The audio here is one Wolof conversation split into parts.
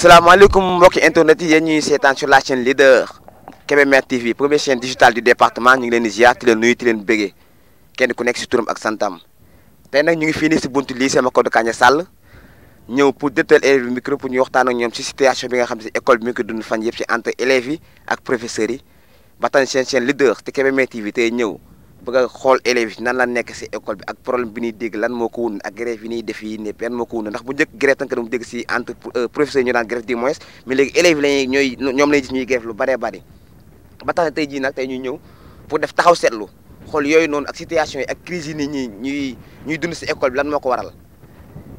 salaamaaleykum mbokki internet yi yéen ñuy seetaan sur la chaîne leader Kébémer TV première chaîne digitale du département ñu ngi leen di ziar ti leen nuyu ti leen bëggee kenn ku nekk si turam ak santam tey nag ñu ngi fii nii si buntu lycée Macodou Kandja Sall ñëw pour dëttal et yi micro pour ñu waxtaan ak ñoom si situation bi nga xam ne si école bi mi ngi ko dund fan yëpp si entre élèves yi ak professeurs yi ba chaîne leader te Kébémer TV tey ñëw bëgg xool élèves yi nan la nekk si école bi ak problème bi ñuy dégg lan moo ko wund ak grève yi ñuy def yi ne lan moo ko wund ndax bu njëkk grève tanka dum dégg si entre euh, professeurs yi ñu daan grève du moins mais léegi élèves yi lañuy ñooy ñoom lañuy gis ñuy grève lu bëree bëri ba tax na tey jii nag tey ñuy ñëw pour def taxaw seetlu xool yooyu noonu ak situation yi ak crise yi ni ñi ñuy ñuy dund si école bi lan moo ko waral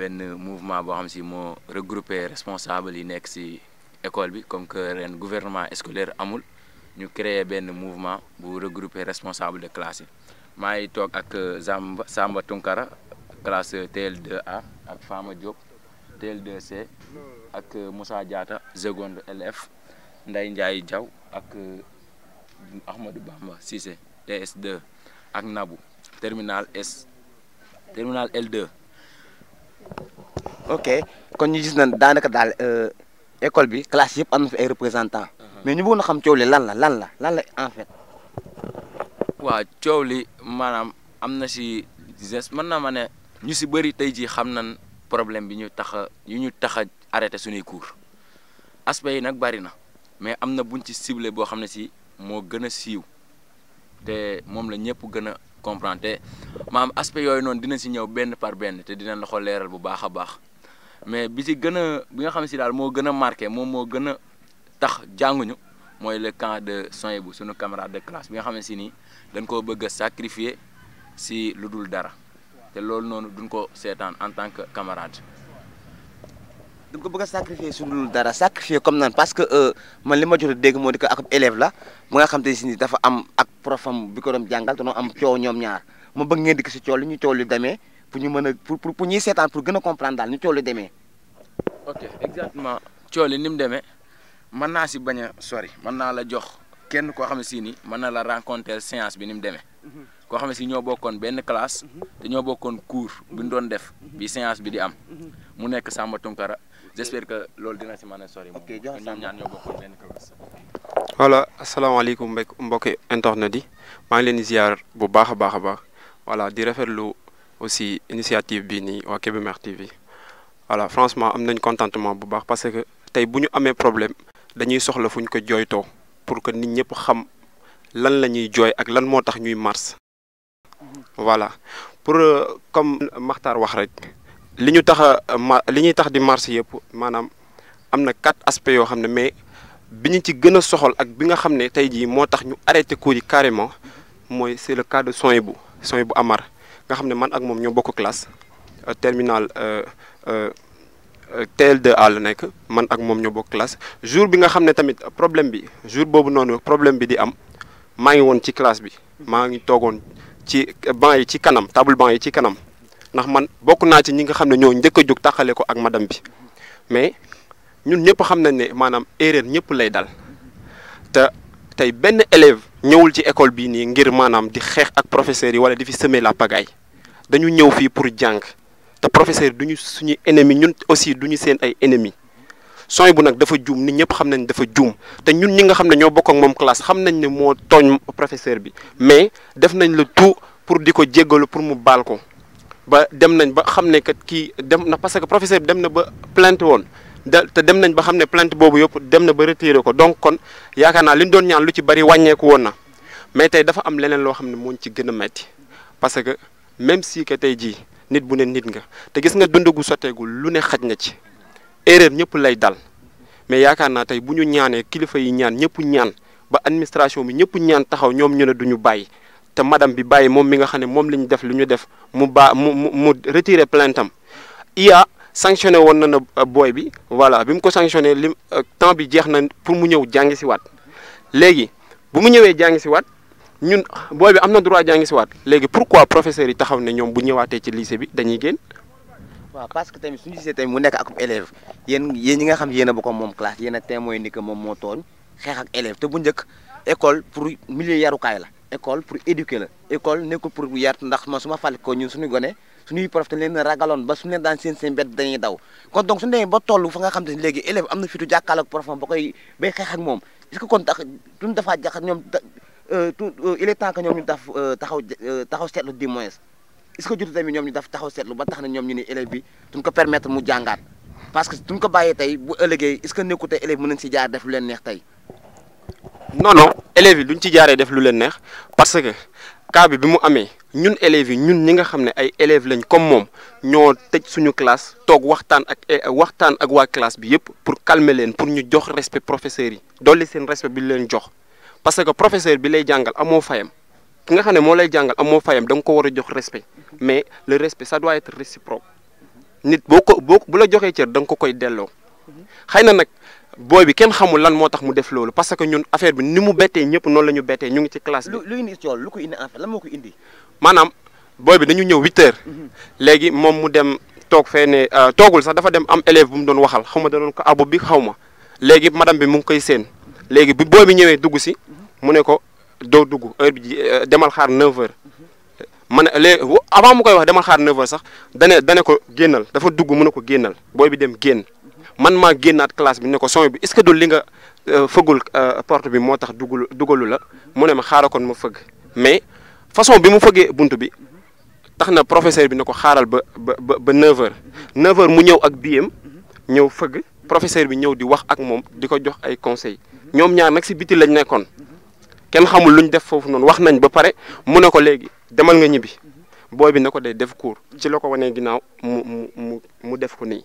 ben mouvement bo xam si responsables regrouper responsable yi nek ci école bi comme que ren gouvernement scolaire amul ñu créé un mouvement bu regrouper responsable de classe yi suis avec euh, Samba Tunkara classe TL2A ak Fama Diop TL2C ak euh, Moussa Diata, seconde LF Ndeye Ndiaye Diaw ak euh, Ahmadou Bamba Cissé TS2 ak Nabou terminal S terminal L2 ok kon ñu gis nañ daanaka daal euh, école bi classe yëpp am na fi ay représentants. Uh-huh. mais ñu bëggoon a xam coow li lan la lan la lan la en fait. coow li maanaam am na si geste mën naa ma ne ñu si bëri tey jii xam na problème bi ñu tax a yu ñu tax a arrêté suñuy cours aspect yi nag bari na mais am na buñ ci ciblé boo xam ne si moo gën a siiw te moom la ñëpp gën a comprendre te maam aspect yooyu noonu dina si ñëw benn par benn te dina la ko leeral bu baax a baax mais bi si gën a bi nga xam si daal moo gën a marqué moom moo gën a tax jànguñu mooy le camp de soin bu suñu camarade de classe bi nga xam ne si nii dañ koo bëgg a sacrifier si lu dul dara te loolu noonu duñ ko seetaan en tant que camarade donc ko bëgg sacrifier sur dul dara sacrifier comme nan parce que euh, man les ma jot a dégg moo di ko ak élève la moi nga xam te si ni dafa am ak profam bi ko doon jàngal am coow ñoom ñaar ma bëgg ngeen dikk si coow li ñu coow li pour ñu mën pour pour ñuy seetaan pour que nous comprendre daal ñu coow li ok exactement coow li ni mu demee mën naa si bañ a la jox kenn koo xam si ni mën na la rencontrer séance bi ni mu demee. Mhm. koo xam si ñoo benn classe. Mhm. te ñoo cours bi ñu doon def. bi séance bi di am. Mhm. mu nekk Samba Tunkara j'espère que loolu dina ci mané sori. mo ñaan ñoo bokk voilà asalaamaaleykum mbokk mbok internet yi maa ngi leen di ziar bu baax a baax voilà di rafetlu aussi initiative bi nii waa Kébémer TV voilà franchement am nañ contentement bu baax parce que tey bu ñu amee problème dañuy soxla fuñ ko jooytoo pour que nit ñëpp xam lan la ñuy jooy ak lan moo tax ñuy mars voilà pour euh, comme Makhtar wax rek li a tax di marché quatre aspects mais bi ci a ak cours carrément c'est le cas de Son Sohaibou Amar nga xam man ak moom ñoo bokk classe euh, terminal euh, euh, la man classe jour bi nga tamit problème bi jour problème bi di am maa ngi classe bi maa ngi toogoon ci yi table ndax man bokk naa ci ñi nga xam ne ñoo njëkk a jóg taxale ko ak madam bi mais ñun ñëpp xam nañ ne maanaam erreur ñëpp lay dal te tey benn élève ñëwul ci école bii nii ngir maanaam di xeex ak professeurs yi wala di fi semer la pagaille dañu ñëw fii pour jàng te professeur duñu suñu ennemi ñun aussi du ñu seen ay ennemi sooy bu nag dafa juum nit ñëpp xam nañ dafa juum te ñun ñi nga xam ne ñoo bokk ak moom classe xam nañ ne moo tooñ professeur bi mais def nañ le tout pour di ko jéggalu pour mu baal ko ba dem nañ ba xam ne kat kii dem na parce que professeur bi dem na ba plainte woon da te dem nañ ba xam ne plainte boobu yëpp dem na ba retiré ko donc kon yaakaar naa li ñu doon ñaan lu ci bari wàññeeku woon na mais tey dafa am leneen loo xam ne moo ci gën a metti parce que même si que tey jii nit bu ne nit nga te gis nga dund gu sotteegul lu ne xaj na ci erreur ñëpp lay dal mais yaakaar naa tey bu ñu ñaanee kilifa yi ñaan ñëpp ñaan ba administration bi ñëpp ñaan taxaw ñoom ñu ne duñu bàyyi te madame bi bàyyi moom mi nga xam ne moom li ñu def lu ñu def mu baa mu mu mu retiré plainte am IA woon na na booy bi voilà bi mu ko sanctionné lim euh, temps bi jeex na pour mu ñëw jàngi si waat léegi bu mu ñëwee jàngi si waat ñun booy bi am na droit jàngi si waat léegi pourquoi professeurs yi taxaw ne ñoom bu ñëwaatee ci lycée bi dañuy génn. waaw parce que tamit suñu gisee tamit mu nekk ak élève yéen yéen ñi nga xam yéen a bokk moom classe yéen a témoin ni que moom moo tooñ xeex ak élève bu njëkk école pour milieu yarukaay la. école pour éduquer la école nekkul pour yar ndax man su ma fàttali ko ñun suñu gone suñuy prof dañ leen ragaloon ba suñu leen daan seen seen bett dañuy daw kon donc suñu demee ba toll fa nga xam te ne léegi élève am na fitu jàkkaarloog profam ba koy bay xeex ak moom est-ce que kon tax duñ ñoom euh, tout euh, il est temps ñu daf euh, taxaw taxaw seetlu du moins est-ce que jotu ñoom ñu daf taxaw seetlu ba tax na ñoom ñu ni élève bi duñ ko permettre mu jàngaat parce que duñ ko bàyyi tey bu ëllëgee est-ce que nekku tey élève mën si jaar def lu leen neex tey élèves duñ ci jaaree def lu leen neex parce que cas bi bi mu amé ñun élèves ñun ñi nga xamné ay élèves lañ comme mom ño tej suñu classe tok waxtaan ak eh, waxtaan ak wa classe bi yépp pour calmer leen pour ñu jox respect professeur yi doli seen respect bi leen jox parce que professeur bi lay jàngal amoo fayam ki nga xam ne moo lay jàngal amoo fayam da nga ko war a jox respect mais le respect ça doit être réciproque nit boo ko boo bu la joxee cër da nga ko koy delloo xëy na nag. booy bi kenn xamul lan moo tax mu def loolu parce que ñun affaire bi ni mu bettee ñëpp noonu la ñu bettee ñu ngi ci classe lu ko indi en fait lan moo ko indi. maanaam booy bi dañu ñëw huit heures. Mm-hmm. léegi moom mu dem toog fee ne euh, toogul sax dafa dem am élève bu mu doon waxal xaw ma da doon ko abu bi xaw ma léegi madame bi mu ngi koy séen léegi bi booy bi ñëwee dugg si mm-hmm. mu ne ko doo dugg heure bi euh, demal xaar neuf heures. Mm-hmm. ma ne léegi avant mu koy wax demal xaar neuf heures sax dane dane ko génnal dafa dugg mu ko génnal booy bi dem génn. man maa génnaat classe bi ne ko son bi est-ce que du li nga euh, fëggul euh, porte bi moo tax dugalu dugalu la mu ne ma xaaral kon ma fëgg mais façon bi mu fëggee bunt bi tax na professeur bi ne ko xaaral ba ba ba 9h 9 mu ñëw ak biem ñëw fëgg professeur bi ñëw di wax ak moom di ko jox ay conseil ñoom ñaar nag si biti lañ nekkoon kenn xamul lu ñu def foofu noonu wax nañ ba pare mu ne ko léegi demal nga ñibbi booy bi ne ko day def cours ci la ko wanee ginnaaw mu mu mu def ko nii.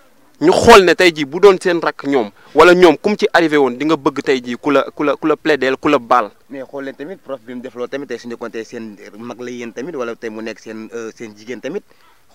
ñu xool ne tey jii bu doon seen rakk ñoom wala ñoom comme ci arrivé woon di nga bëgg tey jii ku la ku la ku la plaideel ku la baal. mais xool leen tamit prof bi mu def loolu tamit tey su ñu compté seen mag la yéen tamit wala tey mu nekk seen euh, seen jigéen tamit.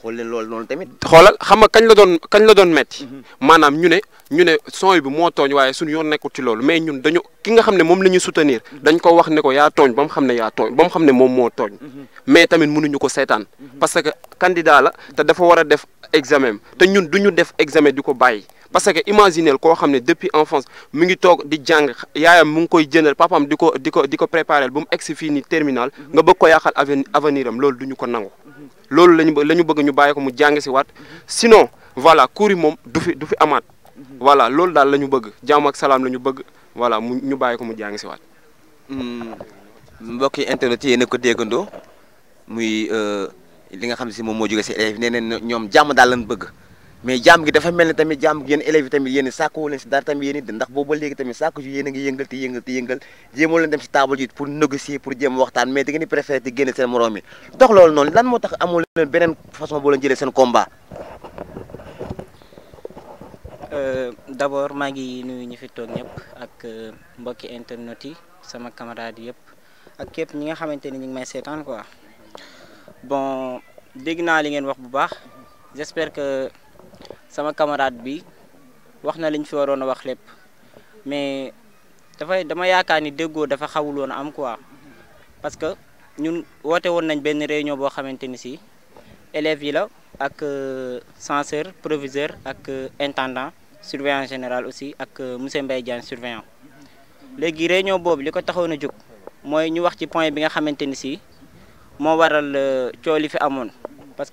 xool leen loolu tamit. xoolal xam kañ la doon kañ la doon metti mhm. maanaam ñu ne ñu ne sooy bi moo tooñ waaye suñu yoon nekkul ci loolu mais ñun dañu ki nga xam ne moom la ñu soutenir mhm. dañ ko wax ne ko yaa tooñ ba mu xam ne yaa tooñ xam ne moom moo tooñ. Mhm. mais tamit mënuñu ko seetaan. parce que candidat la te dafa war a def examen te ñun du ñu def examen di ko bàyyi. parce que imaginel koo xam ne depuis enfance mu ngi toog di jàng yaayam mu ngi koy jëndal papam di ko di ko di ko préparé ba mu egsi fii nii terminal nga bëgg ko yàqal avenir am loolu du ñu ko nangu. loolu lañu la ñu bëgg ñu bàyyi ko mu jàng si waat sinon voilà cours yi moom du fi du fi amaat voilà loolu daal la ñu bëgg jàmm ak salaam la ñu bëgg voilà mu ñu bàyyi ko mu jàng si waat hmm. mbokk yi internet yi yéen ko déggandoo muy euh, li nga xam si moom moo jóge si élèves yi nee ñoom jàmm daal lañ bëgg mais jàmm gi dafa mel ni tamit jàmm gi yéen élèves yi tamit yéen sàkkuwu leen si dara tamit yéen it ndax booba léegi tamit sàkku si yéen a ngi yëngal te yëngal te yëngal jéemoo leen dem si table ji pour négocier pour jéem waxtaan mais da ngeen di préféré di génne seen morom yi dox loolu noonu lan moo tax komba. leen beneen façon boo leen jëlee seen combat euh, d' abord ngi nuyu ñi fi ak euh, mbokki internet yi sama camarade yëpp ak képp ñi nga xamante ni ñu ngi may seetaan quoi bon dégg li ngeen wax bu baax j' que sama camarade bi wax na lañ fi waroon a wax lépp mais dafay dama yaakaar ni déggoo dafa xawuloon woon am quoi parce que ñun woote woon nañ benn réunion boo xamante ni si élèves yi la ak euh, censeur proviseur ak euh, intendant surveillant général aussi ak euh, monsieur Mbaye Diagne léegi réunion boobu li ko taxoon a jóg mooy ñu wax ci point bi nga xamante ni si moo waral coow li fi amoon parce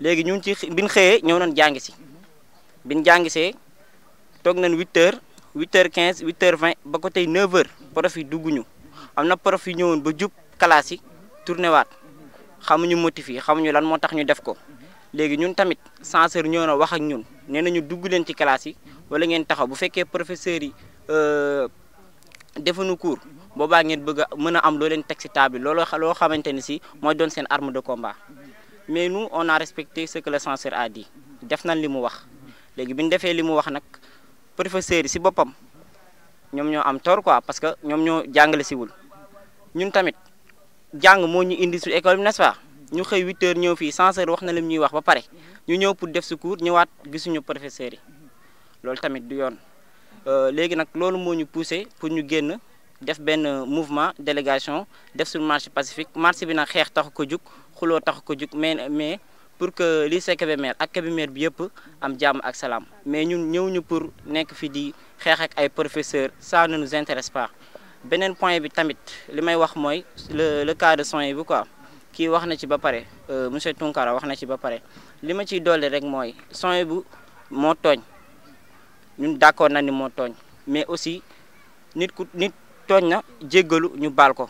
léegi ñun ci bi ñu xëyee ñëw nañ jàngi si bi ñu toog nañ 8h 8h15 h ba ko tey 9h prof yi dugguñu am na prof yi ñëwoon ba jub classe yi tourné waat xamuñu motif yi xamuñu lan moo tax ñu def ko léegi ñun tamit censeur ñëw na wax ak ñun nee nañu dugg leen ci classe yi wala ngeen taxaw bu fekkee professeurs yi euh, defuñu cours boobaa ngeen bëgg mën a am looleen leen teg si table looloo loo xamante ni si mooy doon seen arme de combat. mais nous on a respecté ce que le censeur a def nañ li mu wax léegi bi ñu defee li mu wax nag professeurs yi si boppam ñoom ñoo am tort quoi parce que ñoom ñoo jàngale siwul ñun tamit jàng moo ñu indi su école bi n'est-ce ñu xëy 8 heures ñëw fii censeur wax na lim ñuy wax ba pare ñu ñëw pour def secours ñëwaat gisuñu professeurs yi loolu tamit du yoon euh, léegi nag loolu moo ñu poussé pour ñu génn. def ben mouvement délégation marché pacifique marché ko ko mais pour que les ak bi am ak mais nous nous pour fi di ak ça ne nous intéresse pas nous, point bi tamit le cas de quoi nous, wax na ci ba euh, monsieur Tunkara wax na ci ba paré Nous rek Nous d'accord na ni mais aussi nit tooñ na ñu bal ko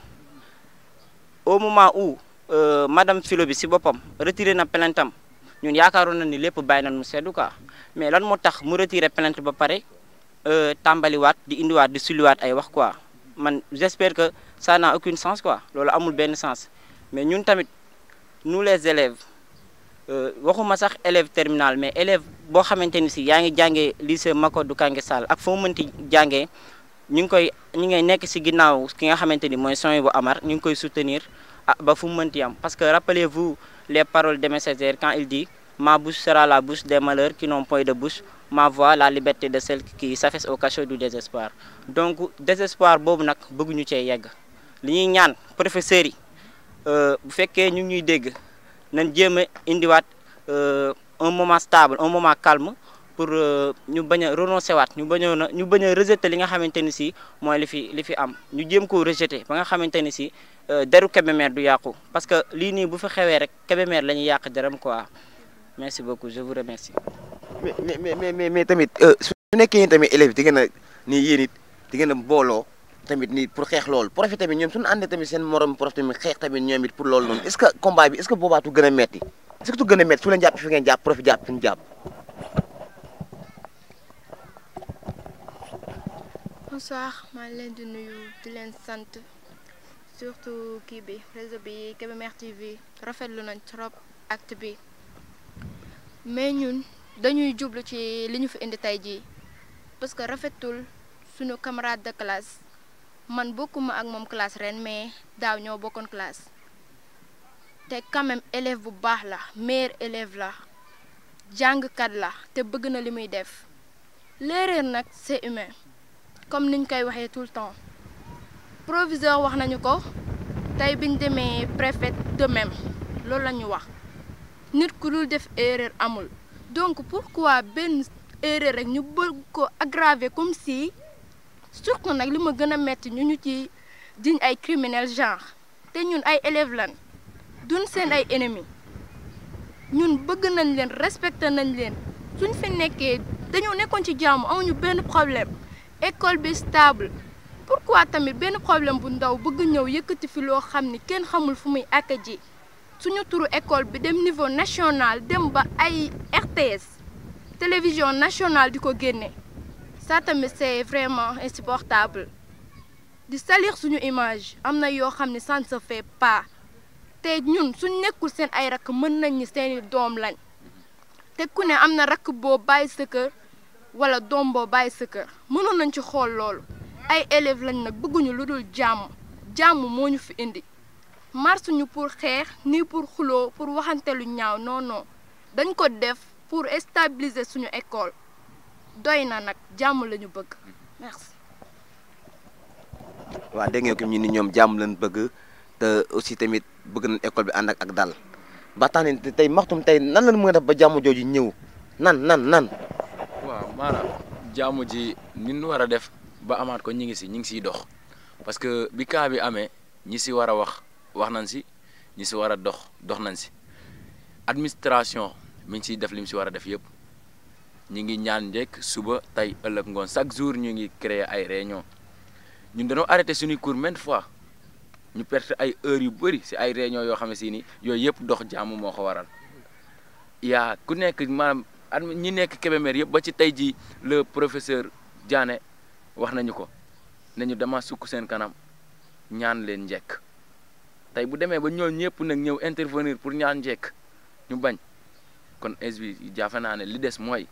au moment où euh, madame Filo bi si bopam retiré na plainte am ñun yaakaaroon na ni lepp bàyyi mu seddu quoi mais lan moo tax mu retiré plainte ba euh, tambali wat di wat di wat ay wax quoi man j'espère que ça n'a aucun sens quoi lolu amul ben sens mais ñun tamit nous les élèves euh, waxuma sax élève terminal mais élève bo xamanteni si yaangi jangé lycée Macodou kangé sal ak fo mënti jangé nous, sommes koy ñu ngay nekk nous ki nga Amar soutenir ah, parce que rappelez-vous les paroles de Messager quand il dit ma bouche sera la bouche des malheurs qui n'ont point de bouche ma voix la liberté de celle qui s'affaisse au cachot du désespoir donc désespoir c'est ce que nous yegg li Nous, ñaan professeurs yi euh, bu nous ñu ñuy dégg nañ euh, un moment stable un moment calme pour euh, ñu bañ a renoncer waat ñu bañoon a ñu bañ a li nga xamante ni si mooy li fi li fi am ñu jéem koo rejeter ba nga xamante ni si euh, deru Kébémer du yàqu parce que lii nii bu fi xewee rek Kébémer la ñuy yàq deram quoi merci beaucoup je vous remercie. mais mais tamit euh, su nekkee tamit élèves di ngeen a nii yéen it di ngeen tamit nii pour xeex loolu prof tamit ñoom suñu àndee tamit seen morom prof tamit xeex tamit ñoom pour loolu noonu est-ce que combat bi bonsoir maa ngi leen di nuyu di leen sant surtout kii bi réseau bi Kébémer TV rafetlu nañ trop acte bi mais ñun dañuy jublu ci li ñu fi indi tey jii parce que rafetul suñu camarade de classe man bokkuma ak moom classe ren mais daaw ñoo bokkoon classe te quand même élève bu baax la meilleur élève la jàngkat la te bëgg na li muy def léeréer nag c'est humain. comme niñ koy waxee tout le temps proviseur wax nañu ko tey biñ demee préfet de même loolu la ñu wax nit ku dul def erreur amul donc pourquoi benn erreur rek ñu bëgg ko aggraver comme si surtout nag li ma gën a metti ñu ñu ci diñ ay criminel genre te ñun ay élèves lan duñ seen ay ennemis ñun bëgg nañ leen respecté nañ leen suñ fi nekkee dañoo nekkoon ci jaamu amuñu benn problème école bi stable pourquoi tamit benn problème bu ndaw bëgg ñëw yëkëti fi lo xam ni kenn xamul fu muy suñu turu école bi dem niveau national dem ba ay RTS télévision nationale di ko Sa ça tamit c'est vraiment insupportable di salir suñu image amna yo xamni ça ne se fait pas te ñun suñ nekkul seen ay rak mën nañ ni seeni doom lañ te ku ne am na rakk wala doom boo bàyyi sa kër mënoon nañ ci xool loolu ay élèves lañ nag bëgguñu lu dul jàmm jàmm moo ñu fi indi marche ñu pour xeex nii pour xuloo pour waxante lu ñaaw non dañ ko def pour stabiliser suñu école doy na nag jàmm lañu bëgg merci. waaw dégg nga ñu ni ñoom jàmm lañ bëgg te aussi tamit bëgg na école bi ànd ak ak dal ba tax tey maxtum tey nan lañ mën a ba jàmm jooju ñëw nan nan nan. waaw maanaam jàmm ji ni ñu war a def ba amaat ko ñi ngi si ñi ngi siy dox parce que bi cas bi amee ñi si war a wax wax nañ si ñi si war a dox dox nañ si administration mi ngi siy def li si war a def yëpp ñi ngi ñaan njëkk suba tey ëllëg ngoon chaque jour ñu ngi créer ay réunion ñun dañoo arrêté suñuy cours maintes fois ñu perte ay heures yu bëri si ay réunion yoo xam si ni yooyu yëpp dox jàmm moo ko waral yaa ku nekk at ñi nekk Kébémer yëpp ba ci tey jii le professeur Diané wax nañu ko ne ñu dama sukk seen kanam ñaan leen njekk tey bu demee ba ñoo ñëpp nag ñëw intervenir pour ñaan njekk ñu bañ kon es bi jaafe naa ne li des mooy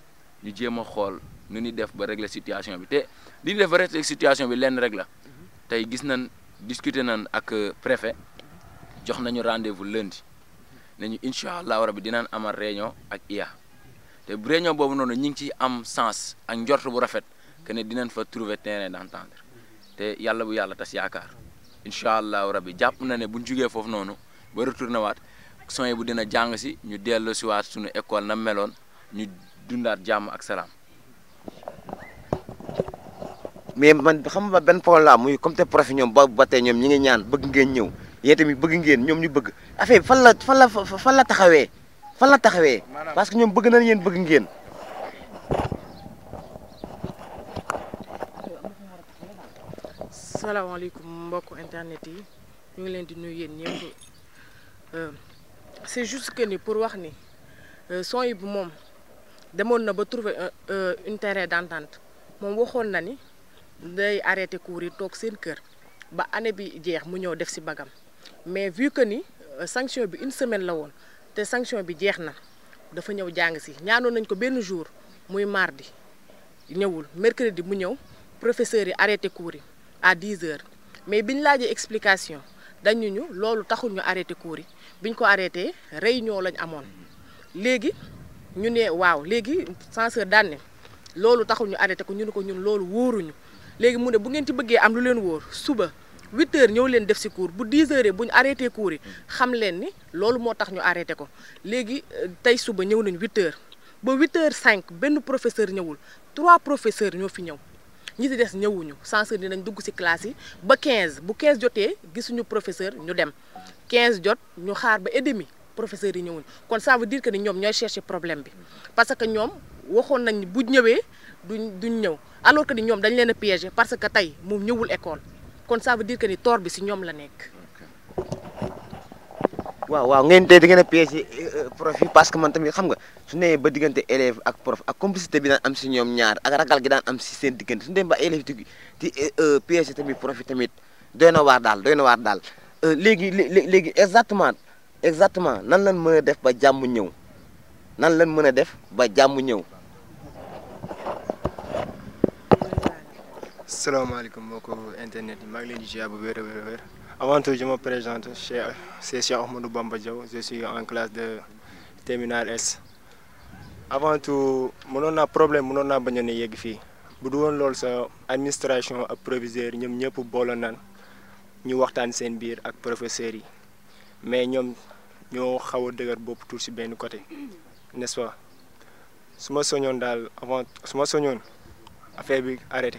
ñu jéem a xool nu ñuy def ba régler situation bi te li ñu def ba régler situation bi lenn rek la tey gis nañ discuter nañ ak préfet jox nañu rendez-vous lundi ne ñu incha allah rabi dinañ amal réunion ak IA. te réunion boobu noonu ñu ngi ciy am sens ak njort bu rafet que ne dinañ fa trouver terrain d'entente te yàlla bu yàlla tas yaakaar incha allahu rabbi jàpp na ne bu ñu jugee foofu noonu ba retourné waat son bu dina jàng si ñu dellu si waat suñu école na meloon ñu dundaat jàmm ak salaam. mais man xam nga benn problème la muy comme te prof ñoom ba ba ñoom ñi ngi ñaan bëgg ngeen ñëw yéen tamit bëgg ngeen ñoom ñu bëgg affaire fan la fan la la taxawee. fan la taxawé parce que ñom bëgg nañ yeen bëgg ngeen. salam salaamaaleykum mbokk internet yi ñu ngi leen di nuyu yéen euh c'est juste que ni pour wax ni euh, son yi bu moom demone na ba trouver euh, euh, un terrain d'entente mom waxon na ni day arrêter cours yi toog seen cœur ba année bi jeex mu ñëw def ci bagam mais vu que ni sanction bi une semaine la won des sanction bi jeexna dafa si nañ ko jour mardi mercredi mu ñëw professeurs yi arrêté cours à 10 h mais biñ laajee explication dañu ñu loolu taxul ñu arrêté cours biñ ko arrêté réunion lañ ne waaw légui censeur arrêté arrêté am 8 heures nous leen def si cours bu 10 heures arrêté cours yi xam leen ni loolu moo tax arrêté ko euh, suba trois professeurs ñoo fi ni ñi si des sans censeur dinañ dugg si classe yi ba bu 15 jotee gisuñu professeur dem 15 jot ñu et demi professeurs yi ça veut dire que chercher problème parce que ñoom waxoon nañ bu ñëwee alors que ni ñoom dañ leen parce que école kon ça veut dire que ni toor bi si ñoom la nekk. waaw waaw ngeen tey da ngeen a piégé euh, prof parce que man tamit xam nga su nee ba diggante élève ak prof ak complicité bi daan am si ñoom ñaar ak ragal gi daan am si seen diggante su ñu dem ba élève di di euh, tamit prof tamit doy na waar daal doy na waar daal euh, léegi léegi exactement exactement nan lan mën a def ba jàmm ñëw nan lan mën a def ba jàmm ñëw. alaikum, beaucoup internet yi maa ngi bu avant tout je me présente Cheikh c'est Cheikh Ahmadou Bamba je suis en classe de terminale S. avant tout mënoon naa problème mënoon naa a ne yegg fii bu du woon loolu sa administration ak proviseur ñoom ñëpp boole naan ñu waxtaan seen biir ak professeurs yi mais ñoom ñoo xaw a dëgër bopp tuur si benn côté n'est-ce pas su ma d'al. avant su ma affaire bi arrêté.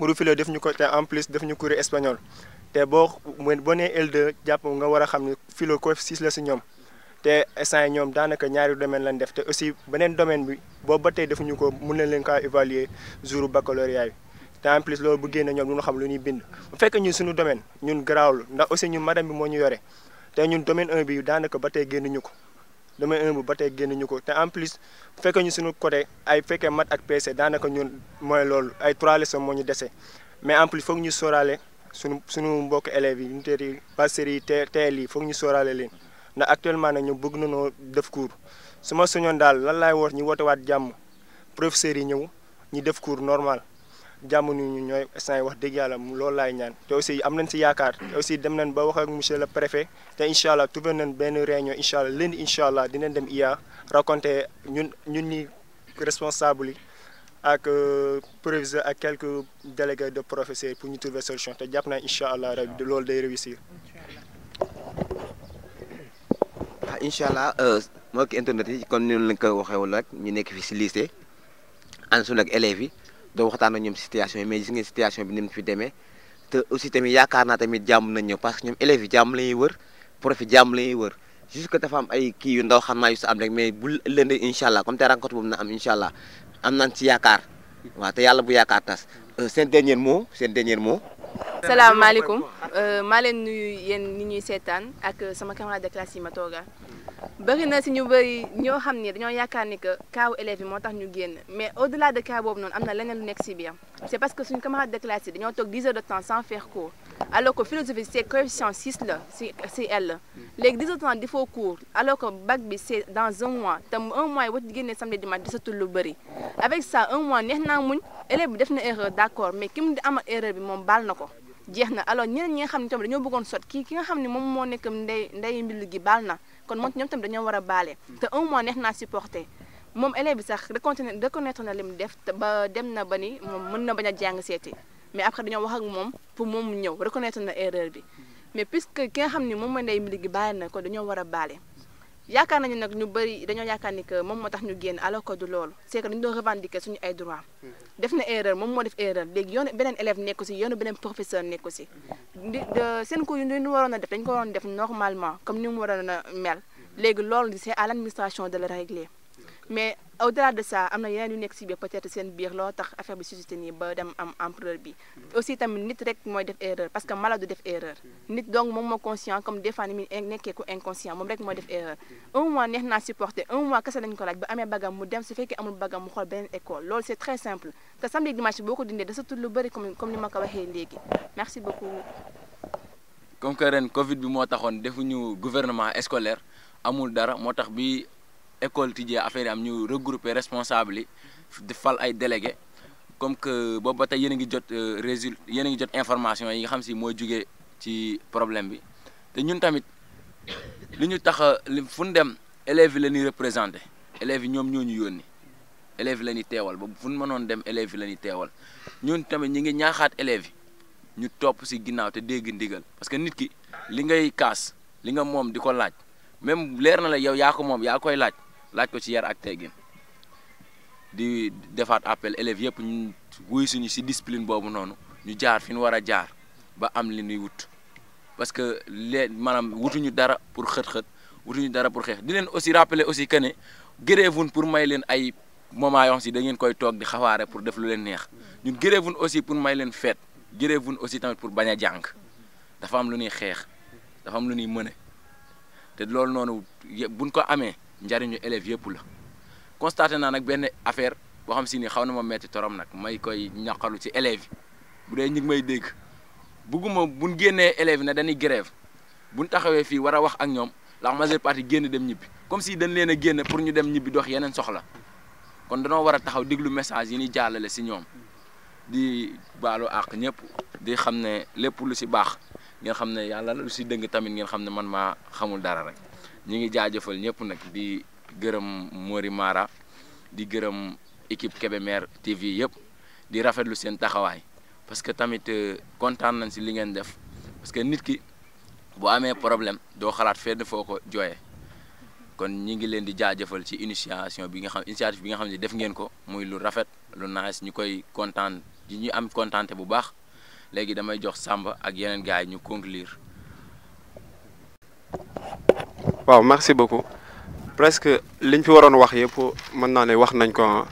refoulé def ñu ko te en plus def ñu cours espagnol te boo boo nee L2 jàpp nga war a xam ne filo ko 6 la si ñoom te instant ñoom daanaka ñaari domaine lañu def te aussi beneen domaine bi boobu ba tey defuñu ko mun na leen kaa évaluer jour baccalauréat bi te en plus loolu bu génne ñoom du ñu xam lu ñuy bind bu fekkee ñu suñu domaine ñun garaawul ndax aussi ñun madame bi moo ñu yore te ñun domaine 1 bi daanaka ba tey génnuñu ko damay ëmb ba te génn ñu ko te en plus bu fekkee ñu suñu côté ay fekkee mat ak PC daanaka ñun mooy loolu ay trois leçons moo ñu dese mais en plus foog ñu sorale suñu suñu mbokk élèves yi unité passer yi teel yi foog ñu sóoraale leen ndax actuellement nag ñu bëgg nañoo def cours suma ma daal lan laay woote ñu waat jàmm professeurs yi ñëw ñu def cours normal. jàmm ñu ñooy instant wax dëgg yàlla loolu laay ñaan te aussi am nañ si yaakaar te aussi dem nañ ba wax ak monsieur le préfet te incha allah trouvé nañ benn réunion incha allah lundi incha allah dinañ dem IA raconter ñun ñun ñi responsable yi ak euh, proviseur ak quelque délégués de professeurs pour ñu trouver solution te jàpp naa incha allah rabi loolu day réussir. ah incha allah euh, mbokki internet yi comme ni ñu leen ko waxee rek ñu nekk fii si lycée ànd suñu ak yi. doo waxtaan ak ñoom situation yi mais gis ngeen situation bi ni fi demee te aussi tamit yaakaar naa tamit jàmm nañ ñëw que ñoom élèves yi jàmm la ñuy wër prof yi jàmm la ñuy wër que dafa am ay kii yu ndaw xam naa yu sa am rek mais bu lëndee incha allah comme te rencontre boobu na am incha allah am nañ si yaakaar waaw te yàlla bu yaakaar tas seen dernier moo seen dernier mot salaamaaleykum euh, maa leen nuyu yéen ni ñuy seetaan ak euh, sama camarade de classe yi ma tooga bëri na si ñu bëri ñoo xam ne dañoo yaakaar ni que kaawu élèves yi moo tax ñu génn mais au delà de cas boobu noonu am na leneen lu nekk si biir c' est parce que suñu camarade de classe yi dañoo toog 10 heures de temps sans faire cours alors que philosophie c' est coefficient 6 la si si L la léegi 10 heures de temps di faut cours alors que bac bi c' est dans un mois te un mois yi boo ci génnee samedi dimanche desatul lu bëri avec ça un mois neex naa muñ élève bi def na erreur d' accord mais ki mu di amal erreur bi moom baal na ko jeex na alors ñeneen ñi xam ne tamit dañoo bëggoon sot kii ki nga xam ne moom moo nekk ndey ndey mbill gi baal na kon moom ñoom tamit dañoo war a baale te un mois neex naa supporté moom élève bi sax reconnaître na li mu def ba dem na ba ni moom mën na bañ a jàng seeti mais après dañoo wax ak moom pour moom ñëw reconnaître na erreur bi mais puisque ki nga xam ni moom mooy ndey mbill gi baale na ko dañoo war a baale yaakaar nañu nag ñu bëri dañoo yaakaar ni que moom moo tax ñu génn alors que du loolu c'est que dañu doon revendiquer suñu ay droit mm-hmm. def na erreur moom moo def erreur léegi yoonu beneen élève nekku si yoonu beneen professeur nekku si di seen cours yu ñu waroon a def dañ ko waroon def normalement comme ni mu waroon a mel mm-hmm. léegi loolu c'est à l'administration de le régler mais au delà de ça am na yeneen yu nekk si biir peut-être seen biir loo tax affaire bi suscité nii ba dem am empereur bi aussi tamit nit rek mooy def erreur parce que malade du def erreur nit donc moom moo conscient comme des fois ni mu nekkee ku inconscient moom rek mooy def erreur un mois neex naa supporter un mois kese lañ ko laaj ba amee bagam mu dem su fekkee amul bagam mu xool beneen école loolu c'est très simple te samedi dimanche boo ko dindee da sa tudd lu bëri comme comme ni ma ko waxee léegi merci beaucoup comme que ren covid bi moo taxoon defuñu gouvernement scolaire amul dara moo tax bi école tijjee affaire am ñu regrouper responsable de fal ay délégué comme que boobu ba a ngi jot euh, résultat yene a ngi jot information yi nga xam si moy jugee ci problème bi té ñun tamit li ñu tax li fu dem élèves yi la ñuy représenté élèves ñom ñoo ñu yoni élèves yi la ñuy teewal ba fu ñu dem élèves yi la ñuy teewal ñun tamit ñi ngi ñaaxaat élèves ñu top ci ginnaw té dégg ndigal parce que nit ki li ngay kaas li nga mom diko laaj même lér na la yow yaa ko moom yaa koy laaj laaj ko ci yar ak teggin di defaat appel élèves yëpp ñu wuy suñu si discipline boobu noonu ñu jaar fi ñu war a jaar ba am li ñuy wut parce que leen maanaam wutuñu dara pour xët-xët wutuñu dara pour xeex di leen aussi rappeler aussi que ne gërëwuñ pour may leen ay moment yoo xam si da ngeen koy toog di xawaare pour def lu leen neex ñun gërëwuñ aussi pour may leen feet gërëwuñ aussi tamit pour bañ a jàng dafa am lu ñuy xeex dafa am lu ñuy mëne te loolu noonu buñ ko amee njariñu élève yëpp la constaté naa nag benn affaire boo xam si ni xaw na moom metti torom nag may koy ñaqalu ci élève yi bu dee ñu may dégg bugguma buñ génnee élèves na ne dañuy grève buñ taxawee fii war a wax ak ñoom la majeure partie génn dem ñibbi comme si dañ leen a génn pour ñu dem ñibbi dox yeneen soxla kon danoo war a taxaw déglu message yi ñuy jàllale si ñoom di baalu àq ñëpp di xam ne lépp lu si baax ngeen xam ne yàlla lu si dëng tamit ngeen xam ne man maa xamul dara rek ñi ngi jaajëfal ñëpp nag di gërëm Mori Mara di gërëm équipe Kébémer TV yëpp di rafetlu seen taxawaay parce que tamit euh, kontaan nañ si li ngeen def parce que nit ki boo amee problème doo xalaat fenn foo ko jooyee kon ñi ngi leen di jaajëfal ci initiation bi nga xam initiative bi nga xam ni def ngeen ko muy lu rafet lu nice ñu koy kontaan di ñu am kontaante bu baax léegi damay jox sàmba ak yeneen gars yi ñu conclure. waaw merci beaucoup presque liñ fi waroon wax yëpp mën naa ne wax nañ ko ah.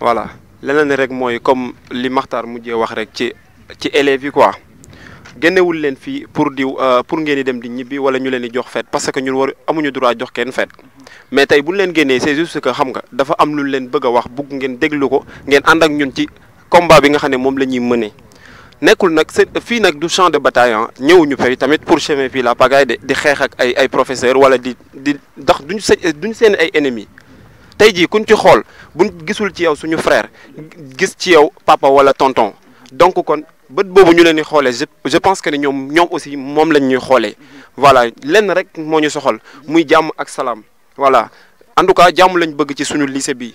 voilà leneen rek mooy comme li Maxtaar mujjee wax rek ci ci élèves yi quoi génnewul leen fi pour diw euh, pour ngeen di dem di ñibbi wala ñu leen di jox fête parce que ñun war amuñu droit jox kenn fête mais tey bu ñu leen génnee c'est juste que xam nga dafa am lu leen bëgg a wax bugg ngeen déglu ko ngeen ànd ak ñun ci combat bi nga xam ne moom la ñuy mënee nekul nak fi nak du champ de bataille hein. ñëwuñu fay tamit pour chemin fii la pagay de di xeex ak ay ay professeur wala di di ndax duñu se duñu seen ay ennemis tay ji kuñ ci xol buñ gisul ci yow suñu frère gis ci yow papa wala tonton donc kon bët bobu ñu leen xolé xoolee je pense que ñom ñom aussi mom lañ ñuy xolé voilà lenn rek moñu ñu soxal muy jamm ak salam voilà en tout cas jamm lañ bëgg ci suñu lycée bi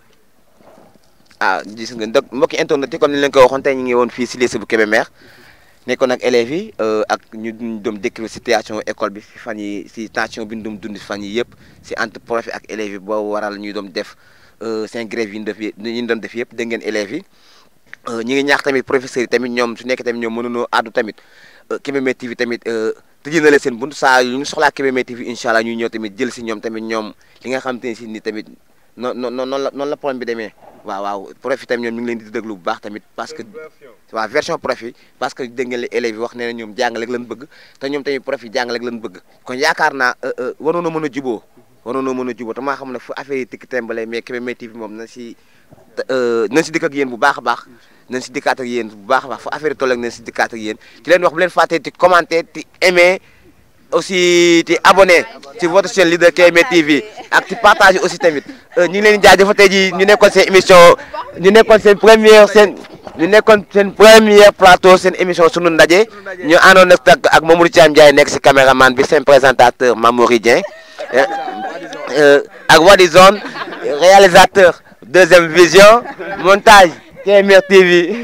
ah gis nga donc mbokki internet yi comme ni leen ko waxoon tey ñu ngi woon fii si lycée bu Kébémer nekkoon ak élèves euh, ak ñu doon décrire situation école bi fi fan yi si tension bi ñu doon dund fan yi yëpp si entre prof ak élèves yi boobu waral ñuy doon def euh, seen grève yi ñu def ñu doon def yëpp dégg ngeen élèves yi euh, ñu ngi ñaax tamit professeurs yi tamit ñoom su nekk tamit ñoom mënunoo addu tamit Kébémer TV tamit tëjee na leen saa ñu soxlaa Kébémer TV incha allah ñuy ñëw tamit jël si ñoom tamit ñoom nga xam te ne si tamit non non noonu la problème bi demee waaw waaw prof yi tamit ñoom ñu leen di déglu bu baax tamit parce que waaw version prof yi parce que dégg ngeen élèves wax ne ñoom jàngale ak lan bëgg te ñoom tamit prof yi jàngale ak lan bëgg kon yaakaar naa euh, euh, waroon na mën a juboo waroon na mën a juboo te maa xam ne fu affaire yi tikki tembale mais Kébémer TV moom na si euh, nañ si dikk bu baax a baax na si dikkaat ak yéen bu baax a baax fu affaire yi toll ak nañ si dikkaat ak yéen ci leen wax bu leen fàttee aussi tu abonné ci votre chaîne leader Kaymer TV ak tu partage aussi tamit euh, ñu ngi leen di jaajëfal tey jii ñu nekkoon seen émission ñu nekkoon seen première seen ñu nekkoon seen première plateau seen émission sunu ndaje ñu àndoon nag tag ak Mamadou Thiam Ndiaye nekk si caméraman bi seen présentateur Mamour Dien euh, euh, ak Wadizone réalisateur deuxième vision montage Kaymer TV.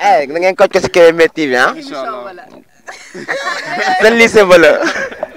eh na ngeen ko ko si Kaymer TV ah. जल्दी से बोलो